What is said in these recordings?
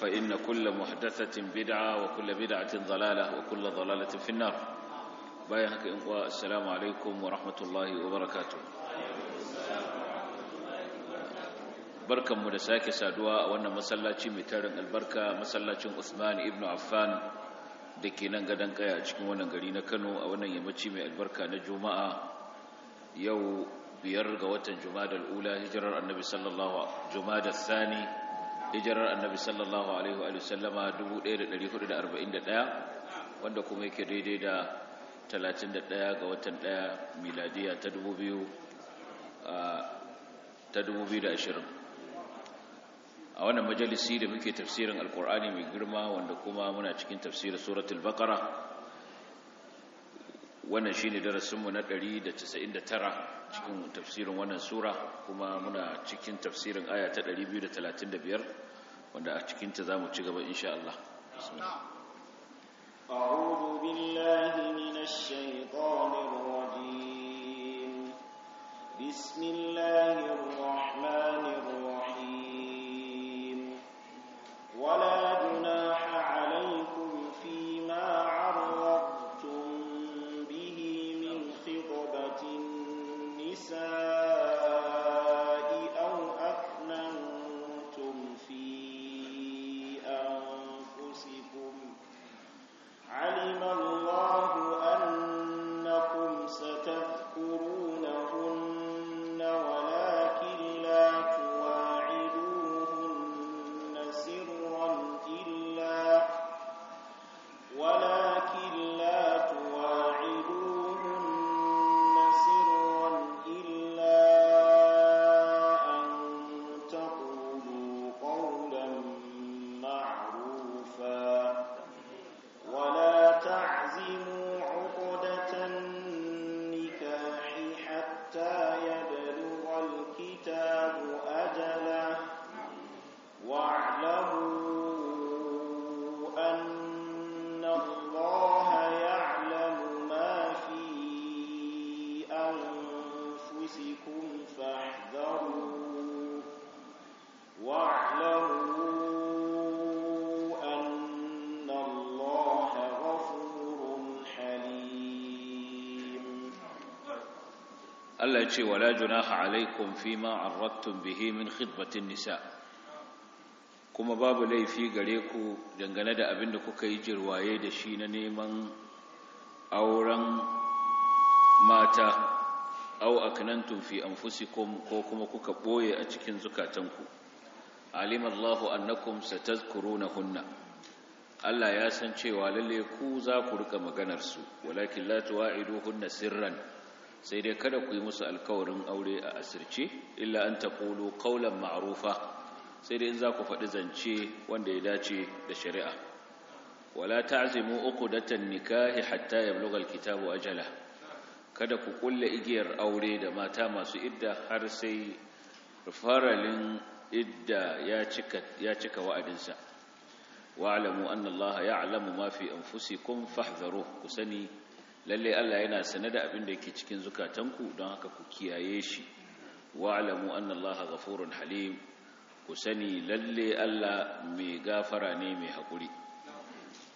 فإن كل محدثة بدعة وكل بدعة ضلالة وكل ضلالة في النار بايهك إنقوى السلام عليكم ورحمة الله وبركاته بركة مدساك سادوا وانا مسلاتي متارن البركة مسلاتي عثمان ابن عفان da ke nan gadon kaya a cikin wannan gari na kano a wannan yammaci mai albarka na juma'a yau biyar ga watan juma'a da al'ula hijirar annabi sallallahu juma'a da sani hijirar annabi sallallahu alaihi wa sallama 1441 wanda kuma yake daidai da 31 ga watan 1 miladiya ta 2020 a wannan majalisi da muke tafsirin alkur'ani mai girma wanda kuma muna cikin tafsirin suratul baqara wannan shine darasinmu na 199 cikin tafsirin wannan sura kuma muna cikin tafsirin aya ta 235 wanda a cikinta za mu ci gaba insha Allah أعوذ بالله من الشيطان الرجيم بسم الله الرحمن الرحيم ولا Allah ya ce wala junaha alaikum fima arradtum bihi min khidbatin nisa kuma babu laifi gare ku dangane da abin da kuka yi jirwaye da shi na neman auren mata au aknantum fi anfusikum ko kuma kuka boye a cikin zukatanku alimallahu annakum satazkurunahunna Allah ya san cewa lalle ku za ku rika maganar su walakin la tuwa'iduhunna sirran sai dai kada ku yi musu alkawarin aure a asirce illa an taqulu qawlan maarufa, sai dai in za ku faɗi zance wanda ya dace da shari'a wala ta'zimu uqdatan nikahi hatta ya yablugha alkitabu ajala kada ku kulle igiyar aure da mata masu idda har sai faralin idda ya cika ya cika wa'adinsa wa'lamu anna allaha ya'lamu ma fi anfusikum ku sani. lalle Allah yana sane da abin da yake cikin zukatanku don haka ku kiyaye shi alamu anna Allaha ghafurun halim ku sani lalle Allah mai gafara ne mai hakuri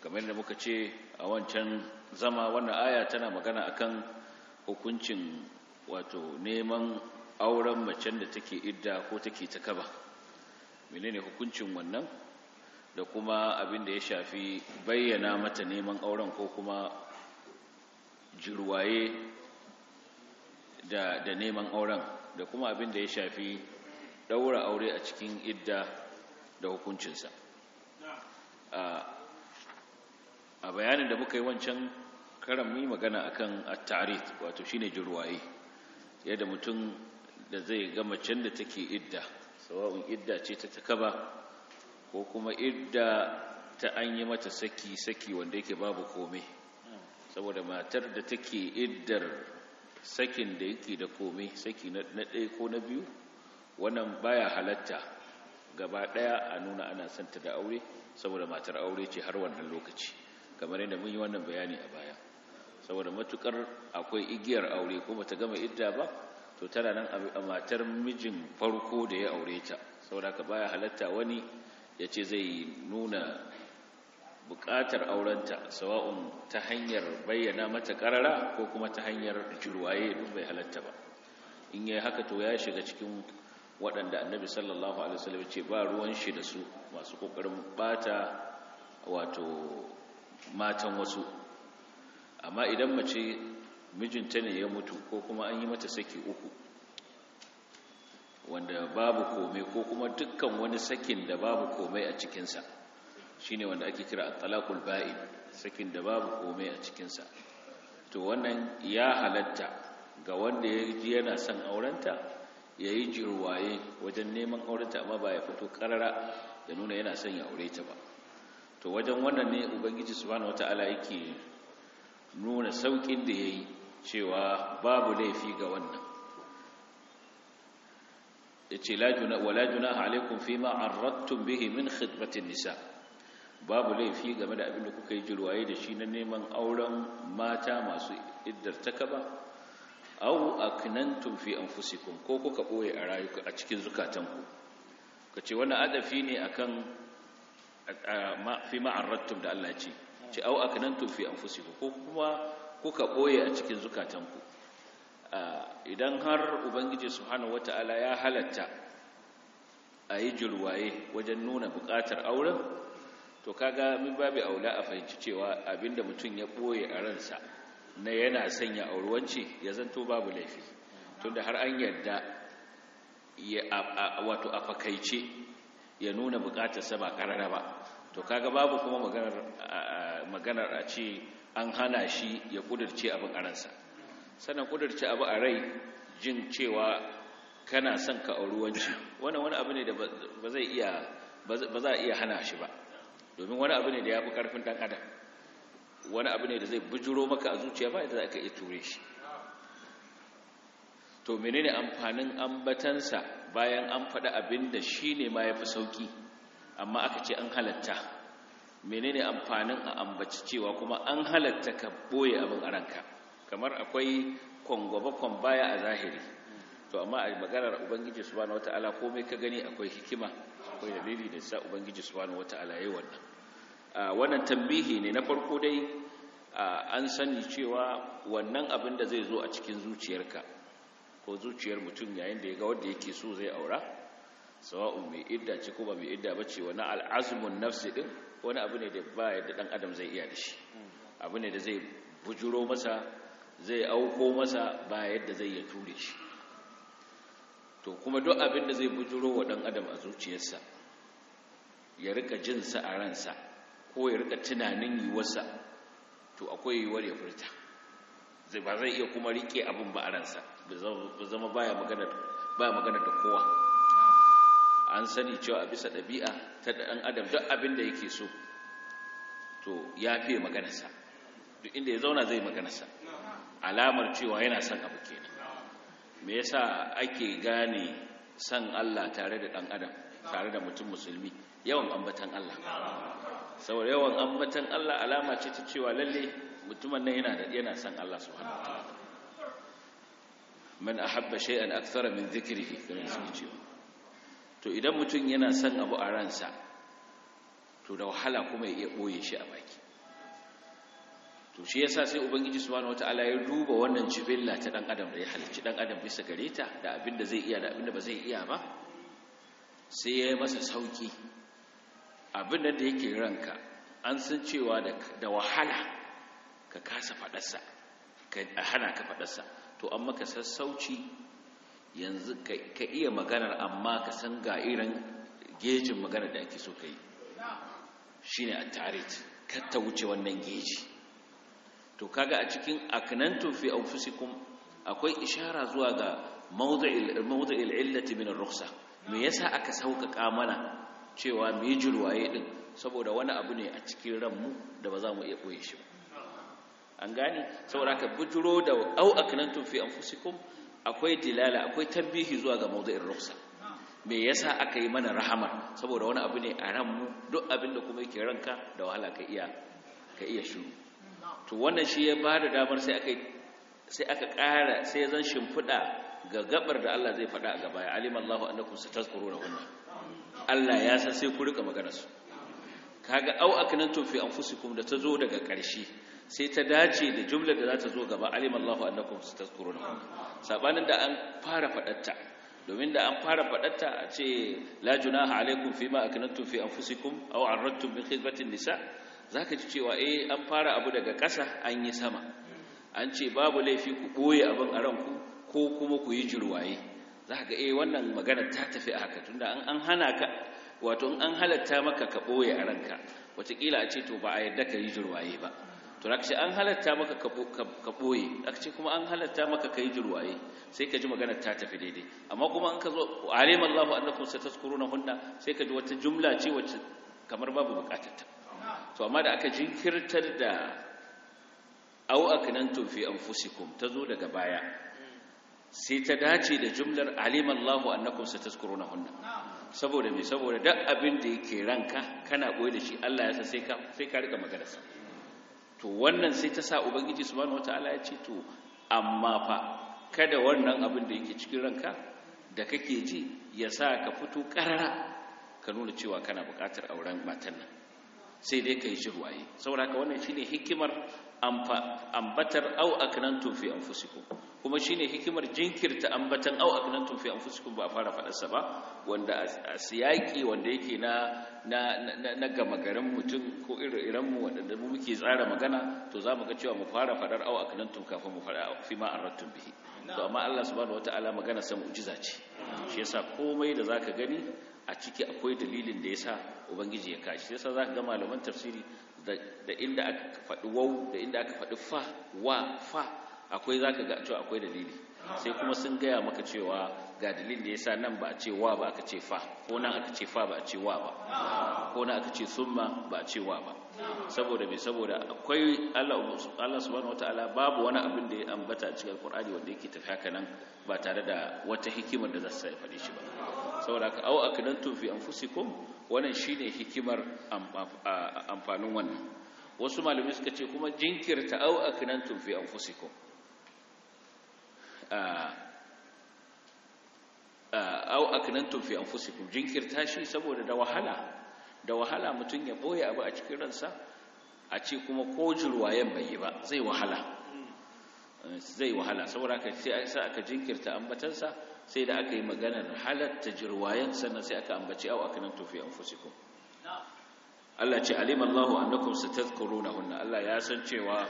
kamar da muka ce a wancan zama wannan aya tana magana akan hukuncin wato neman auren macen da take idda ko take ta kaba menene hukuncin wannan da kuma abin da ya shafi bayyana mata neman auren ko kuma jirwaye da neman auren da kuma abin da ya shafi ɗaura aure a cikin idda da hukuncinsa a bayanin da muka yi wancan karami magana a kan tarid wato shine jirwaye yadda mutum da zai gama can da take idda sawa'un idda ce ta takaba ko kuma idda ta an yi mata saki saki wanda yake babu komai saboda matar da take iddar sakin da yake da komai saki na ɗaya ko na biyu wannan baya halatta gaba ɗaya a nuna ana son da aure saboda matar aure ce har wannan lokaci kamar yadda mun yi wannan bayani a baya saboda matukar akwai igiyar aure ko bata gama idda ba to tana nan a matar mijin farko da ya aure ta saboda ka baya halatta wani ya ce zai nuna buƙatar aurenta sawa'un ta hanyar bayyana mata ƙarara ko kuma ta hanyar jirwaye ɗin bai halatta ba in yi haka to ya shiga cikin waɗanda annabi sallallahu alaihi wasallam ce ba ruwan shi da su masu ƙoƙarin bata wato matan wasu amma idan mace mijinta ne ya mutu ko kuma an yi mata saki uku wanda babu komai ko kuma dukkan wani sakin da babu komai a cikinsa shine wanda ake kira at-talaqul ba'in sakin da babu komai a cikinsa to wannan ya halatta ga wanda yaji yana son aurenta ya yi jirwaye wajen neman aurenta amma ba ya fito karara da nuna yana son ya aure ta ba to wajen wannan ne ubangiji subhanahu wataala yake nuna saukin da ya yi cewa babu laifi ga wannan yace la junaha alaikum fima arradtum bihi min khidmatin nisa' babu laifi game da abin da kuka yi jirwaye da shi na neman auren mata masu iddar takaba au aknantum fi anfusikum ko kuka boye a rayuka a cikin zukatanku Ka ce wannan adafi ne akan fi ma'arrattum da Allah ce ce au aknantum fi anfusikum ko kuma kuka boye a cikin zukatanku idan har ubangiji subhanahu wataala ya halatta a yi jirwaye wajen nuna buƙatar auren to kaga min babu aula a fahimci cewa abinda mutum ya boye a ransa na yana sanya auruwanci ya zanto babu laifi tunda har an yarda wato a fakaice ya nuna bukatar ba karara ba to kaga babu kuma maganar maganar a ce an hana shi ya kudirce abin a ransa sannan kudirce abu a rai jin cewa kana son ka auruwanci wannan wani abu ne da ba ba za a iya hana shi ba domin wani abu ne da ya fi ƙarfin ɗan adam wani abu ne da zai bujuro maka a zuciya ba da za ka iya ture shi to menene amfanin ambatansa bayan an faɗi abin da shi ne ma yafi fi sauƙi amma aka ce an halatta menene amfanin a ambaci cewa kuma an halatta ka boye abin a ranka kamar akwai kwangwabakon baya a zahiri to amma a maganar ubangiji subhanahu wata'ala komai ka gani akwai hikima akwai dalili da sa ubangiji subhanahu wata'ala yayi wannan Ah, wannan tambihi ne na farko dai ah, an sani cewa wannan abin da zai zo a cikin zuciyarka ko zuciyar mutum yayin da ya ga wanda yake so zai aura sawa'un mai idda ce ko ba mai idda ba ce wani al'azumin nafsi din wani abu ne da ba yadda dan adam zai iya da shi abu ne da zai bujuro masa zai auko masa ba yadda zai ya ture shi to kuma duk abin da zai bujuro wa dan adam a zuciyarsa ya rika jinsa a ransa ko ya rika tunanin yiwuwarsa to akwai yiwuwar ya furta zai ba zai iya kuma rike abin ba a ransa ba zama baya magana da kowa an sani cewa a bisa ɗabi'a ta ɗan adam duk abin da yake so to ya fiye maganasa duk inda ya zauna zai maganasa alamar cewa yana son abu kenan me yasa ake gane son Allah tare da ɗan adam tare da mutum musulmi yawan ambatan Allah saboda yawan ambatan Allah alama ce ta cewa lalle mutumin nan yana da yana san Allah subhanahu ta'ala man ahabba shay'an akthara min dhikrihi kamar su to idan mutum yana san abu a ransa to da wahala kuma ya iya boye shi a baki to shi yasa sai ubangiji subhanahu ta'ala ya duba wannan jibilla ta dan adam da ya halicci dan adam bisa gareta da abinda zai iya da abinda ba zai iya ba sai ya yi masa sauki abin da yake ranka an san cewa da wahala ka kasa fadarsa ka hana ka faɗarsa to an maka sassauci yanzu ka iya maganar amma ka san ga irin gejin maganar da ake so ka yi shi ne a tarit ta wuce wannan geji to kaga a cikin aknantum fi anfusikum akwai ishara zuwa ga mawdu'il mawdu'il illati min ar me yasa aka sauƙaƙa mana cewa mu yi jirwaye din saboda wani abu ne a cikin ranmu da ba za mu iya ɓoye shi ba an gani saboda ka bujiro da au aknantum fi anfusikum akwai dilala akwai tambihi zuwa ga mawdu'in ruksa me yasa aka yi mana rahama saboda wani abu ne a ranmu duk abin da kuma yake ranka da wahala ka iya ka iya shiru to wannan shi ya bada damar sai aka sai aka ƙara sai zan shimfiɗa ga gabar da Allah zai faɗa a gaba ya alim Allahu annakum satazkuruna wannan. Allah ya san sai ku rika magana su kaga au aknantum fi anfusikum da tazo daga ƙarshe sai ta dace da jumlar da za ta zo gaba alim Allahu annakum satazkuruna wannan. sabanin da an fara faɗatta domin da an fara faɗatta a ce la junaha alaikum ma aknantum fi anfusikum aw arradtum bi khidmatin nisa zaka ji cewa eh an fara abu daga ƙasa an yi sama an ce babu laifi ku ɓoye abin a ranku ko kuma ku yi jirwaye za ka ga eh wannan magana ta tafi a haka tunda an hana ka wato in an halatta maka ka ɓoye a ranka wataƙila a ce to ba a yadda ka yi jirwaye ba to na ka ce an halatta maka ka ɓoye za ce kuma an halatta maka ka yi jirwaye sai ka ji magana ta tafi daidai amma kuma an ka zo alim allahu annakum na hunna sai ka ji wata jumla ce wacce kamar babu buƙatar ta to amma da aka jinkirtar da au aknantum fi anfusikum tazo daga baya sai ta dace da jumlar alimallahu annakum na hunna saboda me saboda duk abin da yake ranka kana koyi da shi Allah ya san sai ka sai ka rika magana to wannan sai ta sa ubangiji subhanahu wataala ya ce to amma fa kada wannan abin da yake cikin ranka da kake ji ya sa ka fito karara ka nuna cewa kana bukatar auren matan nan sai dai ka yi shiru saboda haka wannan shine hikimar ambatar au aknantum fi anfusikum kuma shine hikimar jinkirta ambatan au aknantum fi anfusikum ba fara fadarsa ba wanda a siyaki wanda yake na na na gama garin mutum ko irin mu wadanda mu muke tsara magana to za mu ga cewa mu fara fadar au aknantum kafin mu fara fi ma arattum bihi to amma Allah subhanahu wataala magana sa mu'jiza ce shi yasa komai da zaka gani a ciki akwai dalilin da yasa ubangiji ya kashi yasa zaka ga malaman tafsiri da inda aka faɗi wau da inda aka faɗi fa wa fa akwai za ka cewa akwai dalili sai kuma sun gaya maka cewa ga dalilin da sa nan ba a ce wa ba aka ce fa ko nan aka ce fa ba a ce wa ba ko nan aka ce summa ba a ce wa ba saboda me saboda akwai Allah Allah subhanahu wataala babu wani abin da ya ambata a cikin Qur'ani wanda yake tafi haka nan ba tare da wata hikimar da za su faɗi shi ba saboda ka au akidantu fi anfusikum wannan shine hikimar amfanin wannan wasu malamai suka ce kuma jinkirta au akidantu fi anfusikum au akidantu fi anfusikum jinkirta shi saboda da wahala da wahala mutum ya boye abu a cikin ransa a ce kuma ko jirwayen bai yi ba zai wahala zai wahala saboda ka sai aka jinkirta ambatansa sai da aka yi maganar halatta jirwayen sannan sai aka ambaci au akanantu fi fusiko. Allah ce alim Allahu na hunna Allah ya san cewa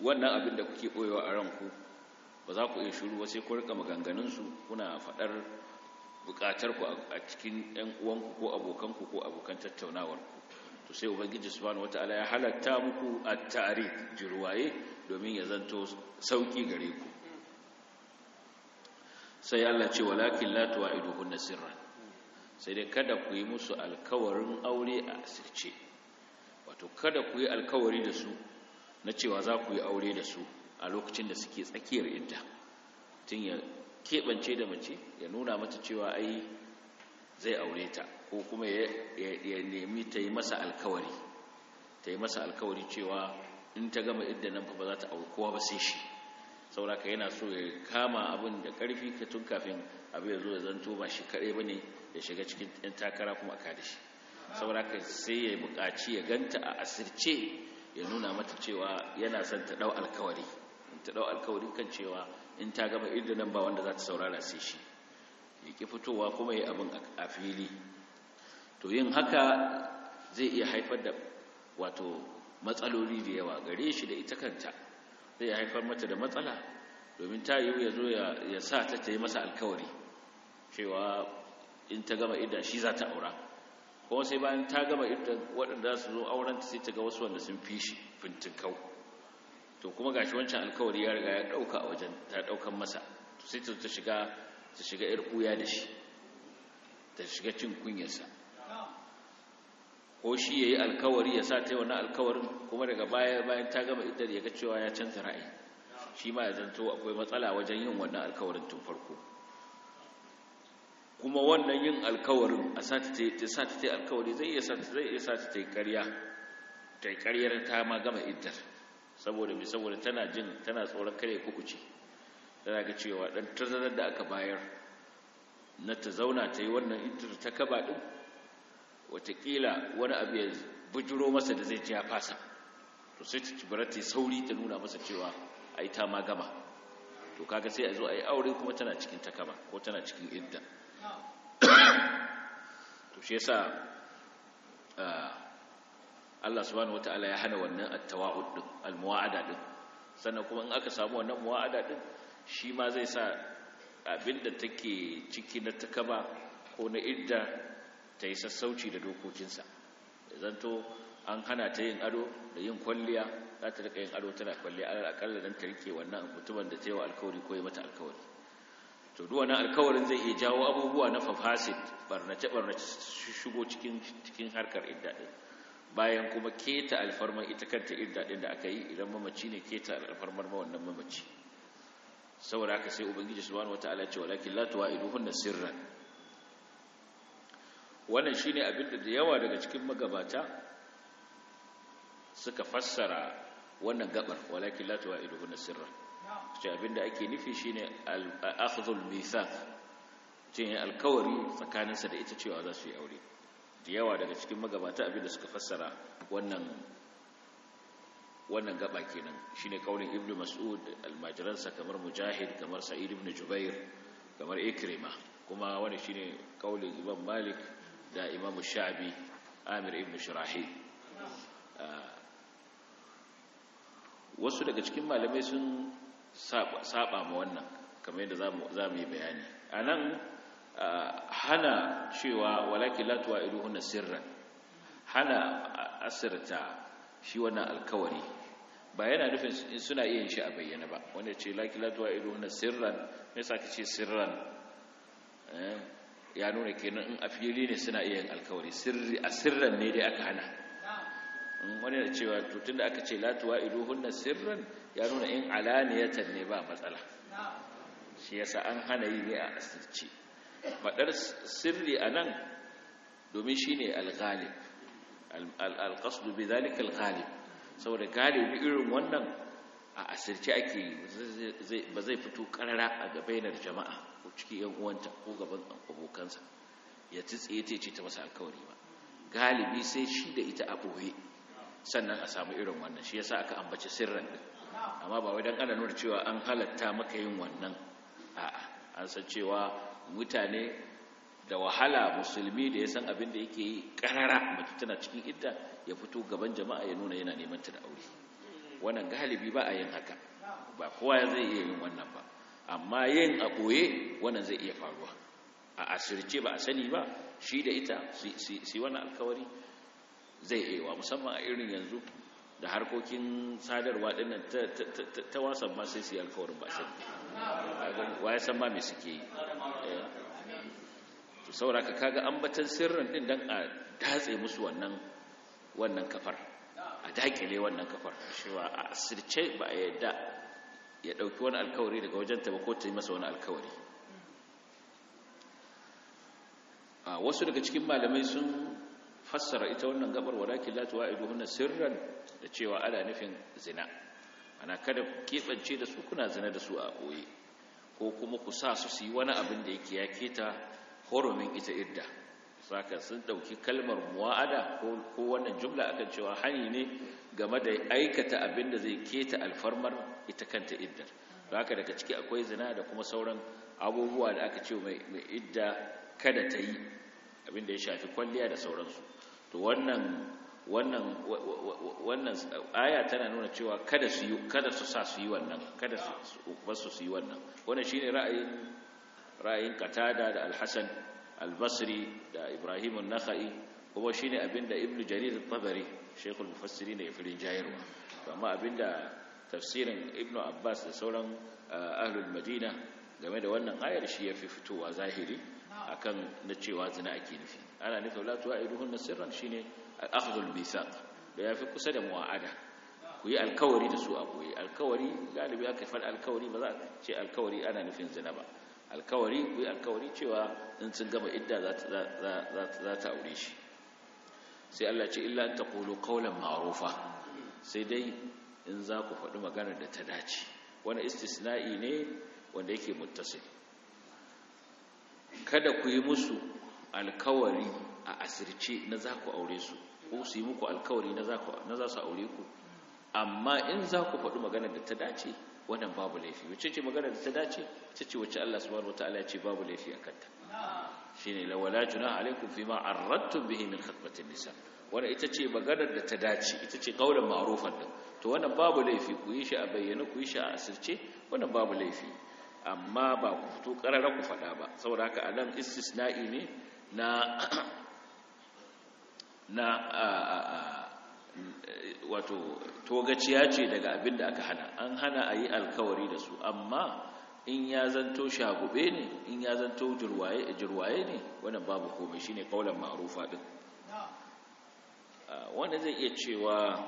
wannan abin da kuke boyewa a ranku ba za ku iya shiru ba sai ku rika maganganunsu, kuna faɗar bukatar ku a cikin ƴan uwanku ko abokanku ko abokan tattaunawar ku to sai ubangiji subhanahu wataala ya halatta muku a tarid jirwaye domin ya zanto sauki gare ku sai Allah ce walakin la tuwa'iduhunna sirran sai dai kada ku yi musu alkawarin aure a asirce wato kada ku yi alkawari da su na cewa za ku yi aure da su a lokacin da suke tsakiyar idda tun ya keɓance da mace ya nuna mata cewa ai zai aure ta ko kuma ya nemi ta yi masa alkawari ta yi masa alkawari cewa in ta gama idda nan fa ba za ta aure kowa ba sai shi sauraka yana so ya kama abin da karfi ka tun kafin abu ya zo ya zanto ba shi kare ba ne ya shiga cikin yan takara kuma ka da shi sauraka sai ya buƙaci ya ganta a asirce ya nuna mata cewa yana son ta ɗau alkawari ta dau alkawari kan cewa in ta gama irin nan ba wanda za ta saurara sai shi ya ki fitowa kuma ya abin a fili to yin haka zai iya haifar da wato matsaloli da yawa gare shi da ita kanta zai haifar mata da matsala domin ta yiwu ya zo ya sa ta ta yi masa alkawari cewa in ta gama idda shi za ta aura kuma sai bayan ta gama idda waɗanda su zo auren ta sai ta ga wasu wanda sun fi shi fintinkau to kuma gashi wancan alkawari ya riga ya ɗauka a wajen ta ɗaukan masa sai ta shiga ta shiga yar kuya da shi ta shiga cin kunyarsa ko shi ya yi alkawari ya sa ta yi wani alkawarin kuma daga baya bayan ta gama iddar ya ga cewa ya canza ra'ayi shi ma ya zanto akwai matsala wajen yin wannan alkawarin tun farko kuma wannan yin alkawarin a sa ta yi alkawari zai iya sa ta ta yi ƙarya ta ƙaryar ta ma gama iddar saboda mai saboda tana jin tana tsoron kare kukuci tana ga cewa dan tazarar da aka bayar na ta zauna ta yi wannan iddar ta kaba din watakila wani abu ya bujiro masa da zai ji ya fasa to sai ta cibirar ta sauri ta nuna masa cewa yi ta ma gama to kaga sai a zo a yi aure kuma tana cikin takama ko tana cikin idda to shi yasa ah, Allah subhanahu wataala ya hana wannan at-tawa'ud din sannan kuma in aka samu wannan muwa'ada din shi ma zai sa abinda take ciki na takama ko na idda ta yi sassauci da dokokinsa zanto an hana ta yin ado da yin kwalliya za ta rika yin ado tana kwalliya a akalla don ta rike wannan mutumin da ta yi wa alkawari ko yi mata alkawari to duwa na alkawarin zai iya jawo abubuwa na fafasit barnace barnace shigo cikin harkar idda bayan kuma keta alfarmar ita kanta idda din da aka yi idan mamaci ne keta alfarmar ma wannan mamaci saboda haka sai ubangiji subhanahu wataala ya ce walakin la tuwa'iduhunna sirran wannan shine abin da da yawa daga cikin magabata suka fassara wannan gabar walakin la na sirra ce abin da ake nufi shine al-akhdhul mithaq cin alkawari tsakaninsa da ita cewa za su yi aure da yawa daga cikin magabata abin da suka fassara wannan wannan gaba kenan shine kaulin ibnu mas'ud almajiransa kamar mujahid kamar sa'id ibn jubair kamar ikrima kuma wani shine kaulin imam malik da imamu sha'abi amir ibn shirahi ah, wasu daga cikin malamai sun saba ma wannan kamar yadda za mu yi bayani a nan ah, hana cewa walaki latuwa iruhuna sirran hana asirta shi wannan alkawari ba yana nufin suna iya shi a bayyana ba wanda ce laki latuwa iruhuna sirran mai ka ce sirran eh, ya nuna kenan in a fili ne suna iya yin alkawari sirri a sirran ne dai aka hana wani da cewa tutun da aka ce latuwa hunna sirran ya nuna in alaniyatan ne ba matsala shi yasa an hana yi ne a asirce faɗar sirri a nan domin shi ne alghalib alƙasdu bi zalika alghalib saboda galibi irin wannan a asirce ake ba zai fito ƙarara a gabainar jama'a cikin yan uwanta ko gaban abokansa ya ci tsaye ta ce ta masa alkawari ba galibi sai shi da ita a boye sannan a samu irin wannan shi yasa aka ambaci sirran din amma ba wai dan ana nuna cewa an halatta maka yin wannan a'a an san cewa mutane da wahala musulmi da ya san abin da yake yi karara mace tana cikin idda ya fito gaban jama'a ya nuna yana neman ta da aure wannan galibi ba a yin haka ba kowa zai iya yin wannan ba amma yin a ɓoye wannan zai iya faruwa a asirce ba a sani ba shi da ita si wani alkawari zai iya wa musamman a irin yanzu da harkokin sadarwa nan ta wasan ma sai su yi alkawarin ba sani wa ya san ma mai suke yi to saura ka kaga ambatan sirrin ɗin don a datse musu wannan kafar a dakile wannan kafar shi ba a asirce ba a yadda ya ɗauki wani alkawari daga wajenta ba ko ta yi masa wani alkawari a wasu daga cikin malamai sun fassara ita wannan gabar walakin ido tuwa'iduhunna sirran da cewa ana nufin zina ana kada keɓance da su kuna zina da su a boye ko kuma ku sa su su yi wani abin da yake yake ta horomin ita idda saka sun ɗauki kalmar muwa'ada ko wannan jumla akan cewa hani ne game da aikata abin da zai keta alfarmar ita kanta iddar haka daga ciki akwai zina da kuma sauran abubuwa da aka ce mai idda kada ta yi abin da ya shafi kwalliya da sauransu to wannan wannan wannan aya tana nuna cewa kada su yi kada su sa su yi wannan kada su basu su yi wannan wannan shine ra'ayin ra'ayin katada da alhasan albasri da Ibrahim an-Nakhai kuma shine abinda Ibn Jarir al-Tabari shekul mufassiri ne ya fi rinjayarwa amma abinda tafsirin Ibnu abbas da sauran eh, ahlul madina game da wannan ayar shi ya fi fitowa zahiri akan na cewa zina ake nufi ana nufin la tu'iduhunna sirran shine akhdhul Misa. da fi kusa da mu'ada ku yi alkawari da su a koyi alkawari galibi aka fara alkawari ba za a ce alkawari ana nufin zina ba alkawari ku yi alkawari cewa in sun gama idda za ta aure shi sai Allah ce illa an taqulu qawlan ma'rufa sai dai in za ku faɗi magana da ta dace wani istisna'i ne wanda yake muttasil kada ku yi musu alkawari a asirce na za ku aure su ko su yi muku alkawari na za su aure ku amma in za ku faɗi magana da ta dace wannan babu laifi wacce ce magana da ta dace Wacce ce wacce Allah subhanahu wataala ya ce babu laifi a kanta shine la wala junaha alaikum fima arradtum bihi min khitbatin nisa Wani ita ce maganar da ta dace ita ce kaulan ma'rufan da to wannan babu laifi ku yi shi a bayyana ku yi shi a asirce wannan babu laifi amma ba ku fito karara ku faɗa ba saboda haka anan istisna'i ne na na wato togaciya ce daga abin da aka hana an hana a yi alkawari da su amma in ya zanto shagube ne in ya zanto jirwaye jirwaye ne wannan babu komai shine kaulan ma'rufa ɗin. Ah, wanda zai iya cewa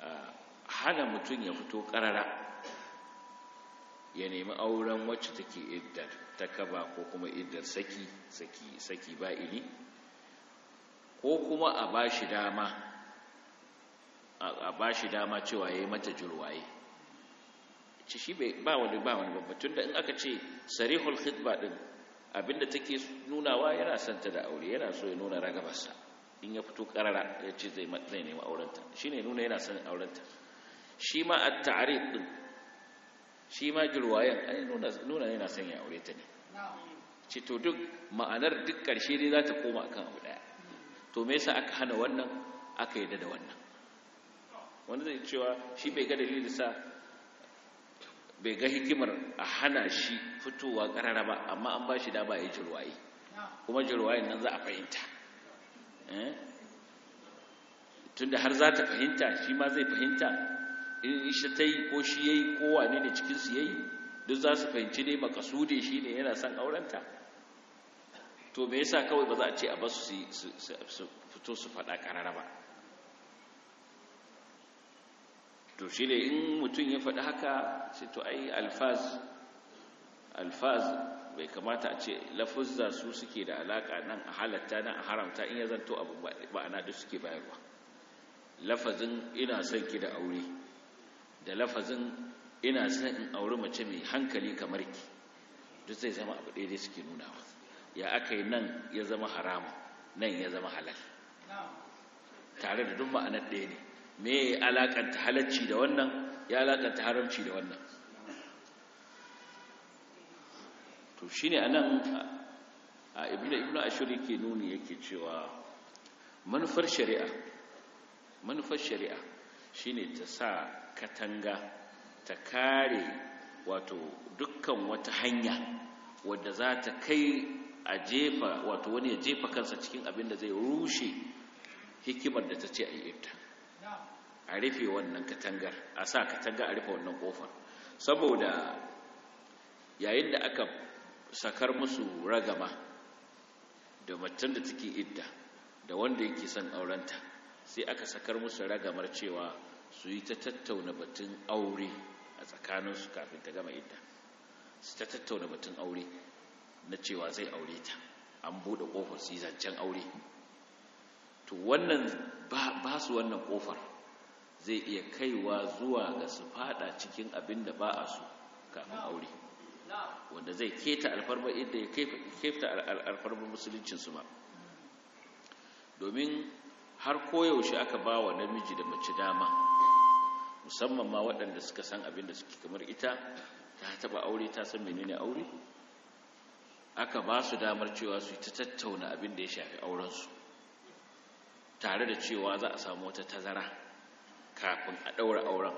ah, hana mutum ya fito karara ya nemi auren wacce take iddar ta kaba ko kuma iddar saki saki saki ba ili ko kuma a bashi dama a bashi dama cewa yayi mata jirwaye ce shi ba wani ba wani babba da in aka ce sarihul khidba din abinda take nunawa yana son ta da aure yana so ya nuna ragabarsa in ya fito karara ya ce zai ne nemi aurenta ne nuna yana son aurenta shi ma a tarid din shi ma girwayen a nuna nuna yana son ya aure ta ne ce to duk ma'anar duk karshe ne za ta koma akan abu daya to me yasa aka hana wannan aka yadda da wannan wanda zai cewa shi bai ga dalilin sa bai ga hikimar a hana shi fitowa karara ba amma an ba shi ba ya yi jirwaye kuma jirwayen nan za a fahimta eh? tunda har za ta fahimta shi ma zai fahimta in isa ta yi ko shi ya yi kowa ne da cikinsu ya yi duk za su fahimci ne makasude shi ne yana son aurenta to me yasa kawai ba za a ce a ba su fito su faɗa karara ba shi ne in mutum ya faɗi haka sai to ai alfaz alfaz bai kamata a ce lafuzza su suke da alaƙa nan a halatta nan a haramta in ya zanto abu ba'ana duk suke bayarwa lafazin ina son ki da aure da lafazin ina son in auri mace mai hankali kamar ki duk zai zama abu daidai suke nuna wa. ya aka yi nan ya zama haramu nan ya zama halal tare da duk ma'anar ɗaya ne me ya alakanta halacci da wannan ya alakanta haramci da wannan to shi anan a ibina ibina ashuri ke nuni yake cewa manufar shari'a manufar shari'a shine ta sa katanga ta kare wato dukkan wata hanya wadda za ta kai a jefa wato wani ya jefa kansa cikin abin da zai rushe hikimar da ta ce a yi ita a rufe wannan katangar a sa katanga a rufe wannan kofar saboda yayin da aka sakar musu ragama da macen da take idda da wanda yake son aurenta sai aka sakar musu ragamar cewa su yi ta tattauna batun aure a tsakaninsu kafin ta gama idda su ta tattauna batun aure na cewa zai aure ta an buɗe ƙofar su yi zancen aure to wannan ba su wannan ƙofar zai iya kaiwa zuwa ga su fada cikin abin da ba a su kafin aure wanda zai keta alfarma inda ya kefta alfarma musuluncinsu ba domin har koyaushe aka ba wa namiji da mace dama musamman ma waɗanda suka san abin da suke kamar ita ta taɓa aure ta san menene aure aka ba su damar cewa su ta tattauna abin da ya shafi aurensu tare da cewa za a samu wata tazara kafin a ɗaura auren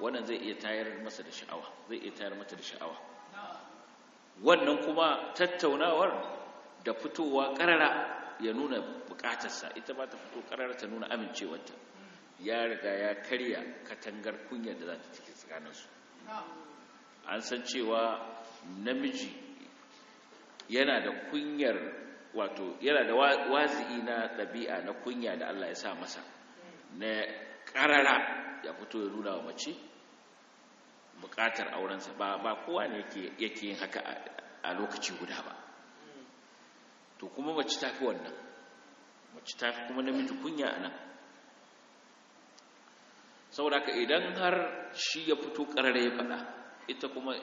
wannan zai iya tayar masa da sha'awa zai iya tayar mata da sha'awa wannan kuma tattaunawar da fitowa karara ya nuna bukatarsa ita ba ta fito karara ta nuna amincewarta ya riga ya karya katangar kunyar da za ta cikin tsakaninsu an san cewa namiji yana da kunyar wato yana da wazi'i na ɗabi'a na kunya da Allah ya sa masa na karara ya fito ya nuna wa mace buƙatar aurensa ba ba kowa ne yake yin haka a lokaci guda ba to kuma mace ta fi wannan mace ta fi kuma namiji kunya a nan saboda ka idan har shi ya fito karara ya faɗa ita kuma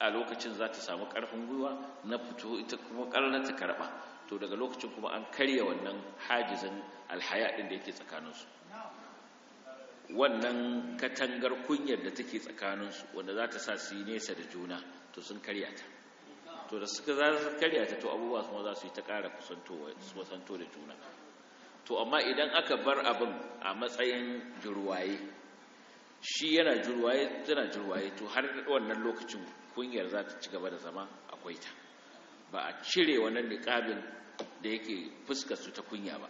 a lokacin za ta samu ƙarfin gwiwa na fito ita kuma karara ta karɓa to daga lokacin kuma an karya wannan hajizan alhaya ɗin da yake tsakaninsu wannan katangar kunyar da take tsakaninsu wanda za ta sa su yi nesa da juna to sun karya ta to da suka za su karya ta to abubuwa kuma za su yi ta ƙara kusanto da juna to amma idan aka bar abin a matsayin jirwaye shi yana jirwaye tana jirwaye to har wannan lokacin kunyar za ta ci gaba da zama akwai ta ba a cire wannan niƙabin da yake fuskar su ta kunya ba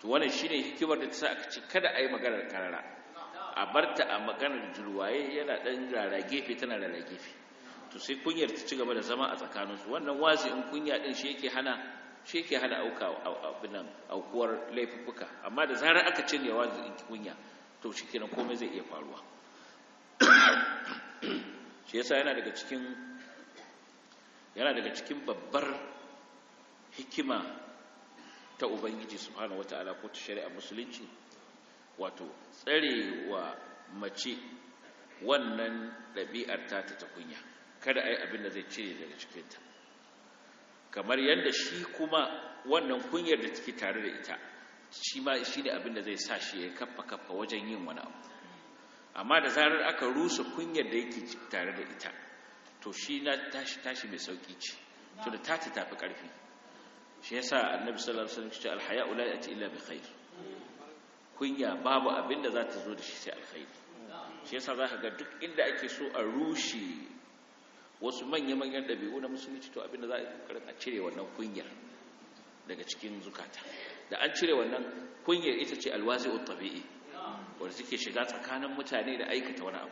to wannan shine hikimar da ta sa aka ce kada a yi maganar karara a barta a maganar julwaye yana ɗan rara gefe tana rara gefe to sai kunyar ta ci gaba da zama a tsakaninsu wannan wazi in kunya din shi yake hana shi yake hana aukuwar laifuka amma da zarar aka ce ne wazi in kunya to shi komai zai iya faruwa shi yasa yana daga cikin yana daga cikin babbar hikima ta ubangiji subhanahu wataala ko ta shari'a musulunci wato tsarewa mace wannan ɗabi'ar ta ta kunya kada ai abin da zai cire daga cikin ta kamar yadda shi kuma wannan kunyar da take tare da ita shi ma shi ne abin da zai sa shi ya kaffa kaffa wajen yin wani abu amma da zarar aka rusa kunyar da yake tare da ita to shi na tashi tashi mai sauki ce to da ta tafi karfi shi yasa annabi sallallahu alaihi wasallam ya ce alhaya'u la illa bi khair kunya babu abin da za ta zo da shi sai alkhairi shi yasa za ka ga duk inda ake so a rushe wasu manya-manyan ɗabi'u na musulunci to abin da za a yi ƙoƙarin a cire wannan kunyar daga cikin zukata da an cire wannan kunyar ita ce alwazi tabi'i wanda suke shiga tsakanin mutane da aikata wani abu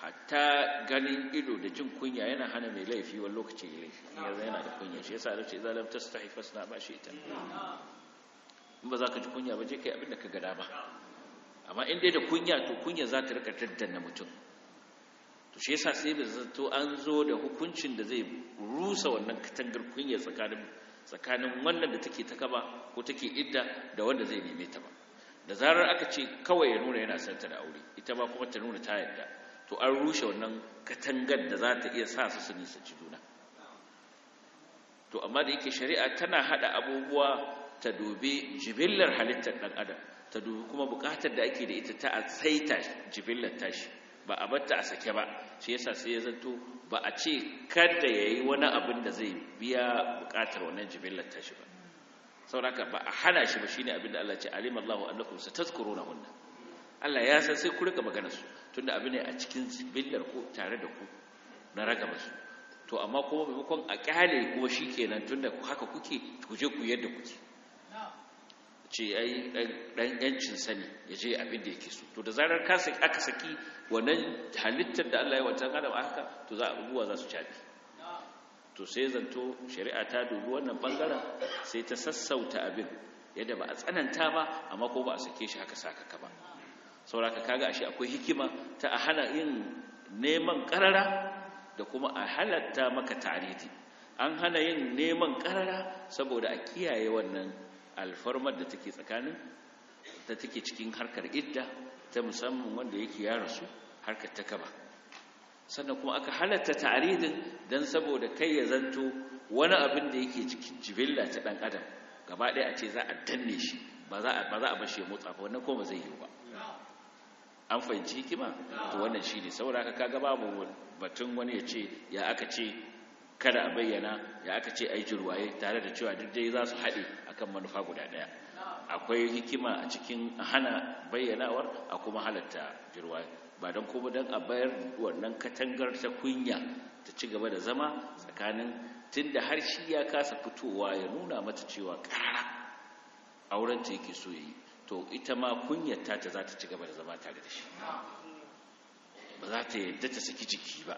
hatta ganin ido da jin kunya yana hana mai laifi wani lokaci yi laifi yanzu yana da kunya shi yasa race zalim ta stahi fasna ba shi ita in ba za ka ji kunya ba je kai abin da ka ga ba, amma in dai da kunya to kunya za ta rika na mutum to shi yasa sai zato an zo da hukuncin da zai rusa wannan katangar kunya tsakanin wannan da take ta kaba ko take idda da wanda zai neme ta ba da zarar aka ce kawai ya nuna yana son ta da aure ita ba kuma ta nuna ta yadda to an rushe wannan katangar da za ta iya sa su su nisanci juna to amma da yake shari'a tana hada abubuwa ta dubi jibillar halittar dan adam ta dubi kuma bukatar da ake da ita ta a saita jibillar tashi ba a batta a sake ba shi yasa sai ya zanto ba a ce kada yi wani abin da zai biya bukatar wannan jibillar tashi ba sauraka ba a hana shi ba shine abin da Allah ya ce alimallahu annakum satazkuruna hunna Allah ya san sai ku rika magana su tunda abu ne a cikin billar ku tare da ku na raga masu, to amma kuma maimakon a kyale kuma kenan tunda haka kuke ku je ku yadda kuke ce ai dan yancin sani ya je abin da yake so to da zarar ka saki aka saki wannan halittar da Allah ya wata adam haka to za abubuwa za su cabi to sai zanto shari'a ta dubi wannan bangaren sai ta sassauta abin yadda ba a tsananta ba amma ko ba a sake shi haka sakaka ba sauraka kaga ashe akwai hikima ta a hana yin neman karara da kuma a halatta maka tariti an hana yin neman karara saboda a kiyaye wannan alfarmar da take tsakanin da take cikin harkar idda ta musamman wanda yake ya rasu harkar ta kaba sannan kuma aka halatta taridin don saboda kai ya zanto wani abin da yake cikin jibilla ta ɗan adam gaba ɗaya a ce za a danne shi ba za a bashe motsa ba wannan kuma zai yi ba an fahimci hikima to wannan shi ne saboda haka kaga babu batun wani ya ce ya aka ce kada a bayyana ya aka ce ai jirwaye tare da cewa duk dai za su haɗe akan manufa guda ɗaya akwai hikima a cikin hana bayyanawar a kuma halatta jirwaye ba don kuma don a bayar wannan katangar ta kunya ta ci gaba da zama tsakanin tun da har shi ya kasa fitowa ya nuna mata cewa ƙara aurenta yake so ya yi to ita ma kunyata ta za ta ci gaba da zama tare da shi ba za ta yadda ta saki ciki ba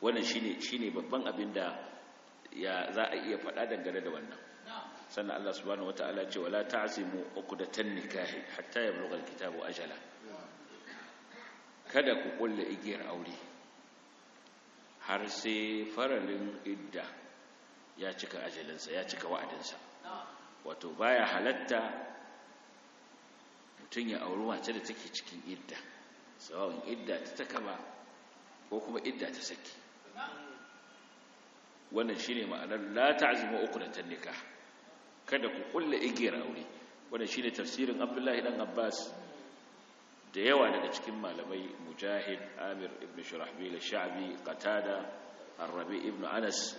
wannan shine babban abin da ya za a iya faɗa dangane da wannan sannan Allah subhanahu wataala ce wala ta'zimu uqdatan nikahi hatta yablugha alkitabu ajala kada ku kulle igiyar aure har sai faralin idda ya cika ajalinsa ya cika wa'adinsa wato baya halatta mutum ya auri wace da take cikin idda sawa'un idda ta ba ko kuma idda ta saki wannan shine ma'anar la uku uqdatan nikah kada ku kulle igiyar aure wannan shine tafsirin Abdullahi dan Abbas da yawa daga cikin malamai Mujahid Amir ibn Shurahbil al-Sha'bi Qatada ar ibn Anas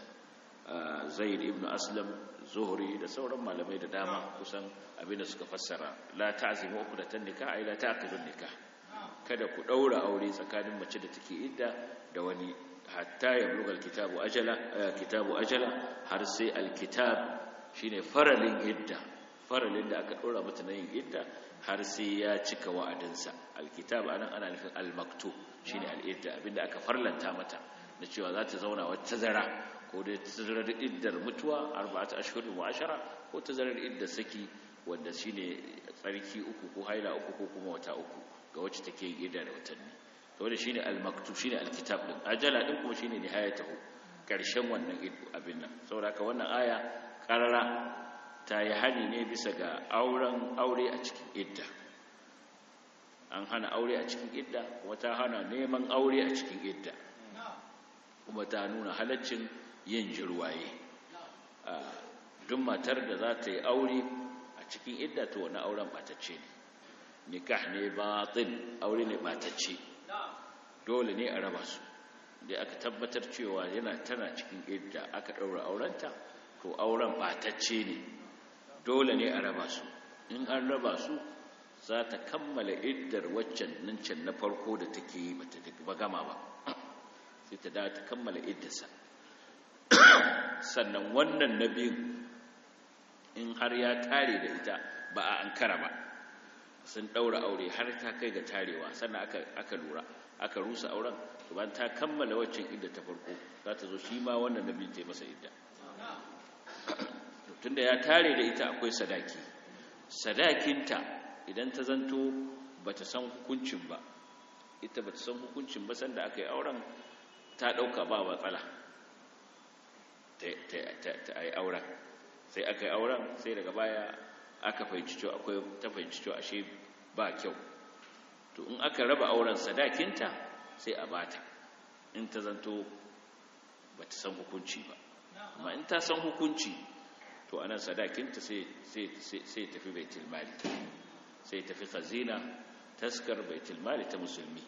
Zaid ibn Aslam zuhuri da sauran malamai da dama kusan abinda suka fassara la ta'zimu uqdatan A ay la ta'qidun nika kada ku daura aure tsakanin mace da take idda da wani hatta ya buga alkitabu ajala eh, kitabu ajala har sai alkitab shine faralin idda faralin da aka daura mata na yin idda har sai ya cika wa'adinsa alkitab anan ana nufin almaktub shine alidda abinda aka farlanta mata da cewa za ta zauna wata zara ko dai tazarar iddar mutuwa arba'at ashhurin wa ashara ko tazarar iddar saki wanda shine tsarki uku ko haila uku ko kuma wata uku ga wacce take yin idda da watanni to wanda shine al-maktub shine al-kitab din ajala din kuma shine nihayatuhu karshen wannan abin nan saboda ka wannan aya karara ta yi hani ne bisa ga auren aure a cikin idda an hana aure a cikin idda kuma ta hana neman aure a cikin idda kuma ta nuna halaccin yin jirwaye duk matar da za ta yi aure a cikin idda to wani auren batacce ne nikah ne batin aure ne batacce dole ne a raba su da aka tabbatar cewa yana tana cikin idda aka ɗaura aurenta to auren batacce ne dole ne a raba su in an raba su za ta kammala iddar waccan nan can na farko da take yi ba ta gama ba sai ta da ta kammala iddarsa sannan wannan na biyun in har ya tare da ita ba a ankara ba sun ɗaura aure har ta kai ga tarewa sannan aka lura aka rusa auren ban ta kammala waccan idan ta farko za ta zo shi ma wannan na biyun ta yi masa idda tunda ya tare da ita akwai sadaki sadakinta idan ta zanto ba ta san hukuncin ba ita ba ta san hukuncin ba sanda aka yi auren ta ɗauka ba matsala ta yi auren sai aka yi auren sai daga baya aka fahimci akwai ta fahimci ashe ba kyau to in aka raba auren sadakinta sai a bata in ta zanto ba ta san hukunci ba amma in ta san hukunci to nan sadakinta sai tafi baitul mali sai tafi khazina taskar baitul mali ta musulmi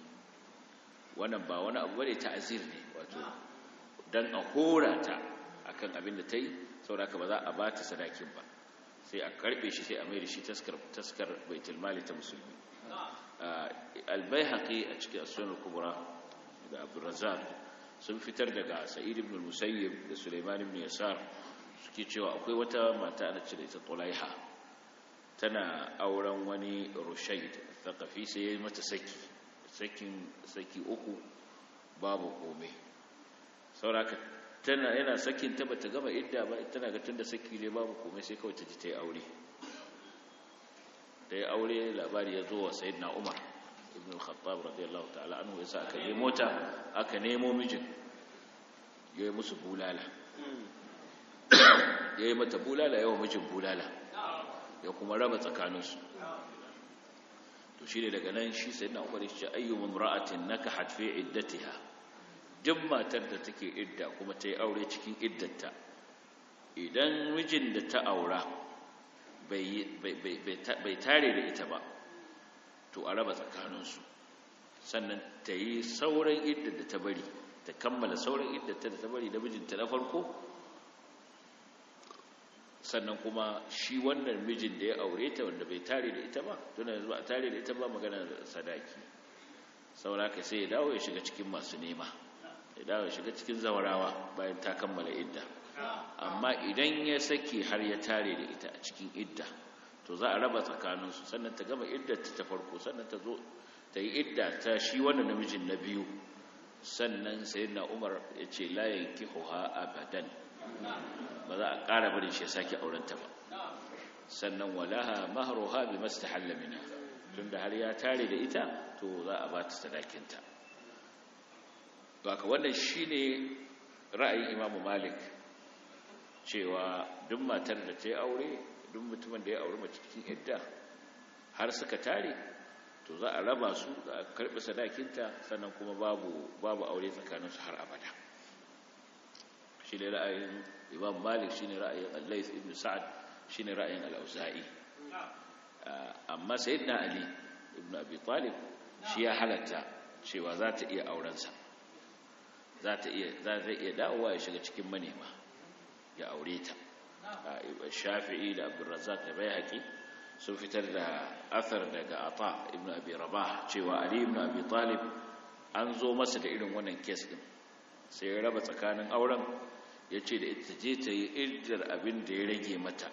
wannan ba wani abu bane azir ne wato dan a hora ta akan abin da ta yi sauraka ba za a ba ta sadakin ba sai a karbe shi sai a mai da shi taskar taskar ta musulmi al-baihaqi a cikin as-sunan da abdurrazzaq sun fitar daga sa'id ibn musayyib da sulaiman ibn yasar suke cewa akwai wata mata ana cire ta tulaiha tana auren wani rushaid kafi sai ya mata saki sakin saki uku babu komai sauraka tana yana sakin ta bata gama idda ba tana ga tunda saki ne babu komai sai kawai ta ji tai aure da aure labari ya zo wa sayyidina umar ibn al-khattab radiyallahu ta'ala anhu yasa aka yi mota aka nemo mijin yayi musu bulala yayi mata bulala yawa mijin bulala ya kuma raba tsakanin su to shine daga nan shi sayyidina umar ya ce ayyu imra'atin nakahat fi iddatiha duk matar da take idda kuma ta yi aure cikin iddata idan mijin da ta aura bai tare da ita ba to a raba tsakaninsu sannan ta yi sauran idda da ta bari ta kammala sauran iddata da ta bari da mijinta na farko sannan kuma shi wannan mijin da ya aure ta wanda bai tare da ita ba tunan zuwa tare da ita ba magana da sadaki saura ka sai ya dawo ya shiga cikin masu nema ya dawo shiga cikin zawarawa bayan ta kammala idda amma idan ya saki har ya tare da ita a cikin idda to za a raba tsakaninsu sannan ta gama idda ta farko sannan ta zo ta yi idda ta shi wannan namijin na biyu sannan sai na umar ya ce layan a abadan ba za a ƙara barin shi ya sake aurenta ba sannan walaha maharuha bi masu ta tunda har ya tare da ita to za a ba ta sadakinta baka wannan shine ra'ayin imamu malik cewa duk matar da ta yi aure duk mutumin da ya aure mace cikin yadda har suka tare to za a raba su za a karɓi sadakinta sannan kuma babu babu aure tsakaninsu har abada shi ne ra'ayin imam malik shi ne ra'ayin allais ibn sa'ad shi ne ra'ayin al'auza'i ah, amma sayyidina na ali ibn abi talib shi ya halatta cewa za ta iya aurensa za ta iya dawowa ya shiga cikin manema ya aure ta shafi'i da abdurrazzak da bai sun fitar da athar daga ata ibn abi rabah cewa ali ibn abi talib an zo masa da irin wannan kes din sai ya raba tsakanin auren ya ce da ita je ta yi iddar abin da ya rage mata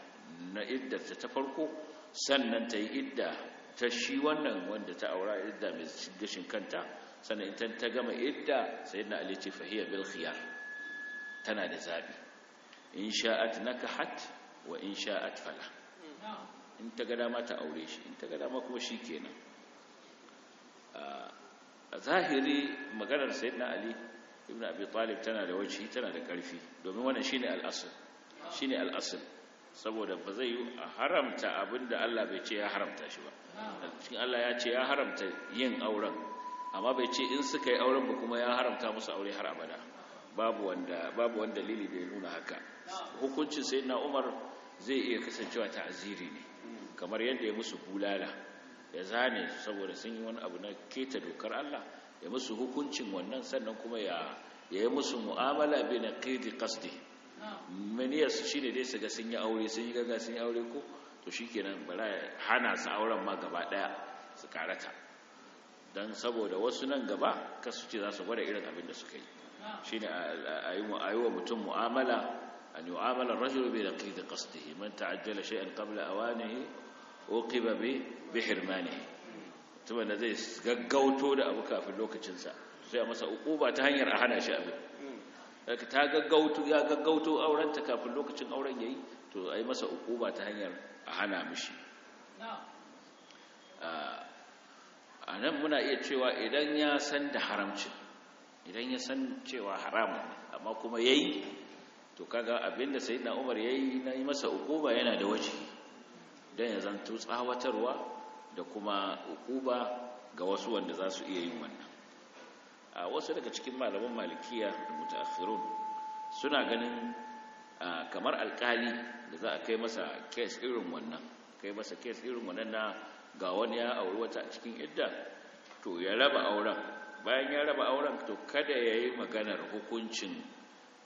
na iddar ta ta farko sannan ta yi idda ta shi wannan wanda ta aura idda mai gashin kanta sannan ita ta gama idda sayyidina ali ce fahiya bil tana da zabi in sha'at nakahat wa in sha'at fala in ta ga dama ta aure shi in ta ga dama kuma shi kenan. a zahiri maganar sayyidina ali ibn abi talib tana da wajihi tana da karfi domin wannan shi ne asl shi ne asl saboda ba zai yi a haramta abinda Allah bai ce ya haramta shi ba cikin Allah ya ce ya haramta yin auren amma bai ce in suka yi auren ba kuma ya haramta musu aure har abada babu wanda babu wanda dalili da ya nuna haka hukuncin sai Umar zai iya kasancewa ta'aziri ne kamar yadda ya musu bulala ya zane saboda sun yi wani abu na keta dokar Allah ya musu hukuncin wannan sannan kuma ya ya yi musu mu'amala bai na kaidi kasdi maniyarsu shi ne dai su ga sun yi aure sun yi gaga sun yi aure ko to shi kenan bala hana su auren ma gaba ɗaya su karata don saboda wasu nan gaba kasu ce za su gwada irin abin da suka yi shi ne a yi wa mutum mu'amala an yi mu'amala rajul bai da kai da kastihi man ta'ajjala shay'an qabla awanihi uqiba bi bi hirmanihi mutumin da zai gaggauto da abu kafin lokacinsa sai a masa uquba ta hanyar a hana shi abin daga ta gaggauto ya gaggauto aurenta kafin lokacin auren ya yi, to a yi masa uquba ta hanyar a hana mishi a nan muna iya cewa idan ya san da haramcin idan ya san cewa haramun amma kuma ya yi to kaga abinda sai na umar ya yi na yi masa ukuba yana da waje don ya zanto tsawatarwa da kuma ukuba ga wasu wanda za su iya yin wannan a wasu daga cikin malaman malikiya da mutaakhirun suna ganin kamar alkali da za a kai masa kes irin wannan kai masa kes irin wannan na ga wani ya auri wata a cikin idda to ya raba auren bayan ya raba auren to kada ya yi maganar hukuncin